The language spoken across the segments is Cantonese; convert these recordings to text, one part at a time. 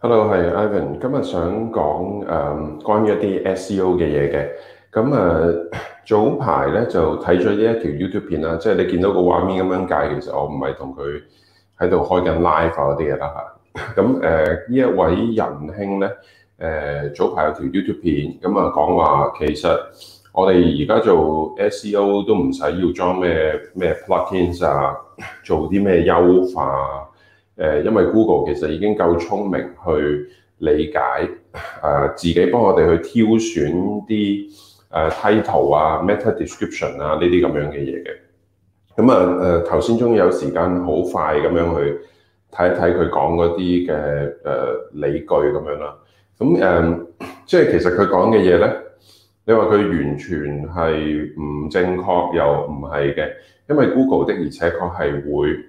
Hello，係 Evan 今日想講誒、uh, 關於一啲 SEO 嘅嘢嘅，咁誒早排咧就睇咗呢一條 YouTube 片啦，即係你見到個畫面咁樣解，其實我唔係同佢喺度開緊 live 啊啲嘢啦吓，咁誒呢一位仁兄咧，誒早排有條 YouTube 片，咁啊講話其實我哋而家做 SEO 都唔使要裝咩咩 plugins 啊，做啲咩優化，啊。誒，因為 Google 其實已經夠聰明去理解，誒，自己幫我哋去挑選啲 title 啊、meta description 啊呢啲咁樣嘅嘢嘅。咁啊，誒頭先終於有時間好快咁樣去睇一睇佢講嗰啲嘅誒理據咁樣啦。咁誒、呃，即係其實佢講嘅嘢咧，你話佢完全係唔正確又唔係嘅，因為 Google 的而且確係會。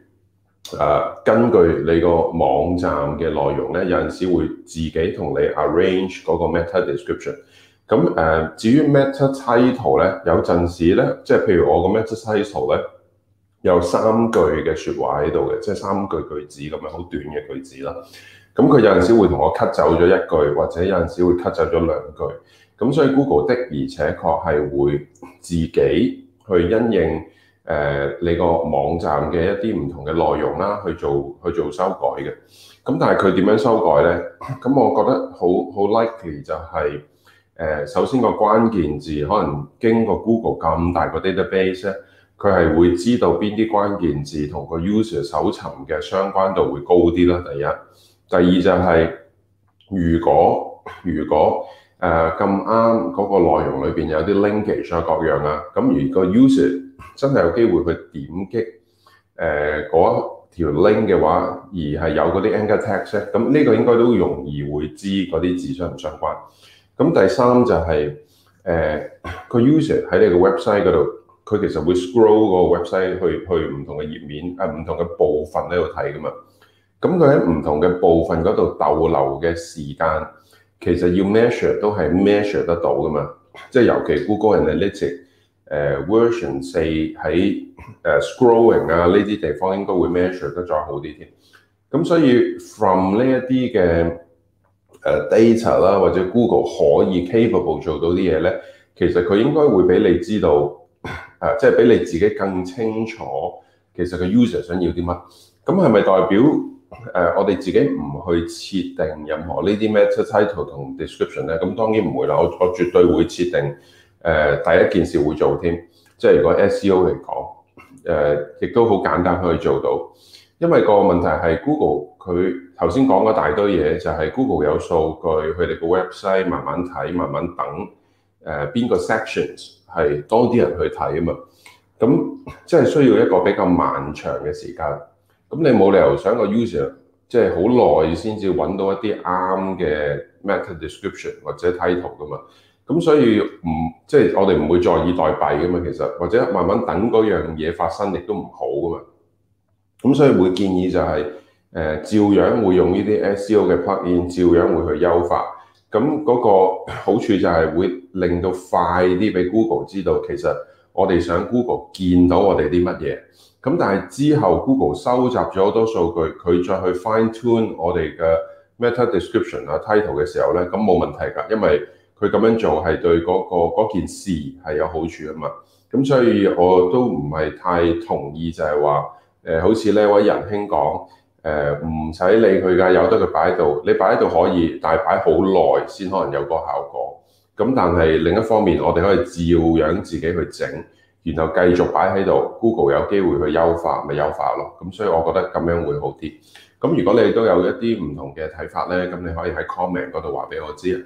誒、uh, 根據你個網站嘅內容咧，有陣時會自己同你 arrange 嗰個 meta description。咁誒、uh, 至於 meta title 咧，有陣時咧，即係譬如我個 meta title 咧，有三句嘅説話喺度嘅，即係三句句子咁樣好短嘅句子啦。咁佢有陣時會同我 cut 走咗一句，或者有陣時會 cut 走咗兩句。咁所以 Google 的而且確係會自己去因應。誒，你個網站嘅一啲唔同嘅內容啦，去做去做修改嘅。咁但係佢點樣修改呢？咁我覺得好好 likely 就係、是、誒、呃，首先個關鍵字可能經過 Google 咁大個 database 咧，佢係會知道邊啲關鍵字同個 user 搜尋嘅相關度會高啲啦。第一，第二就係、是、如果如果誒咁啱嗰個內容裏邊有啲 linkage 啊各樣啊，咁如果 user 真係有機會去點擊誒嗰、呃、條 link 嘅話，而係有嗰啲 anchor text 咧，咁呢個應該都容易會知嗰啲字相唔相關。咁第三就係誒個 user 喺你個 website 嗰度，佢其實會 scroll 個 website 去去唔同嘅頁面，誒、啊、唔同嘅部分喺度睇噶嘛。咁佢喺唔同嘅部分嗰度逗留嘅時間，其實要 measure 都係 measure 得到噶嘛。即、就、係、是、尤其 Google Analytics 誒、uh, version 四喺誒 scrolling 啊呢啲地方應該會 measure 得再好啲添，咁所以 from 呢一啲嘅誒 data 啦或者 Google 可以 capable 做到啲嘢咧，其實佢應該會俾你知道，啊即係俾你自己更清楚其實個 user 想要啲乜，咁係咪代表誒、uh, 我哋自己唔去設定任何呢啲 meta title 同 description 咧？咁當然唔會啦，我我絕對會設定。誒第一件事會做添，即係如果 SEO 嚟講，誒亦都好簡單可以做到，因為個問題係 Google 佢頭先講咗大堆嘢就係、是、Google 有數據，佢哋個 website 慢慢睇，慢慢等，誒、呃、邊個 sections 係多啲人去睇啊嘛，咁即係需要一個比較漫長嘅時間，咁你冇理由想個 user 即係好耐先至揾到一啲啱嘅 meta description 或者 title 㗎嘛。咁所以唔即係我哋唔會坐以待斃嘅嘛，其實或者慢慢等嗰樣嘢發生亦都唔好噶嘛。咁所以會建議就係、是、誒、呃、照樣會用呢啲 SEO 嘅 plugin 照樣會去優化。咁嗰個好處就係會令到快啲俾 Google 知道，其實我哋想 Google 見到我哋啲乜嘢。咁但係之後 Google 收集咗好多數據，佢再去 fine tune 我哋嘅 meta description 啊、title 嘅時候咧，咁冇問題㗎，因為佢咁樣做係對嗰、那個嗰件事係有好處啊嘛，咁所以我都唔係太同意就係話，誒、呃、好似呢位仁兄講，誒唔使理佢㗎，有得佢擺喺度，你擺喺度可以，但係擺好耐先可能有個效果。咁但係另一方面，我哋可以照樣自己去整，然後繼續擺喺度，Google 有機會去優化咪優化咯。咁所以我覺得咁樣會好啲。咁如果你都有一啲唔同嘅睇法咧，咁你可以喺 comment 嗰度話俾我知。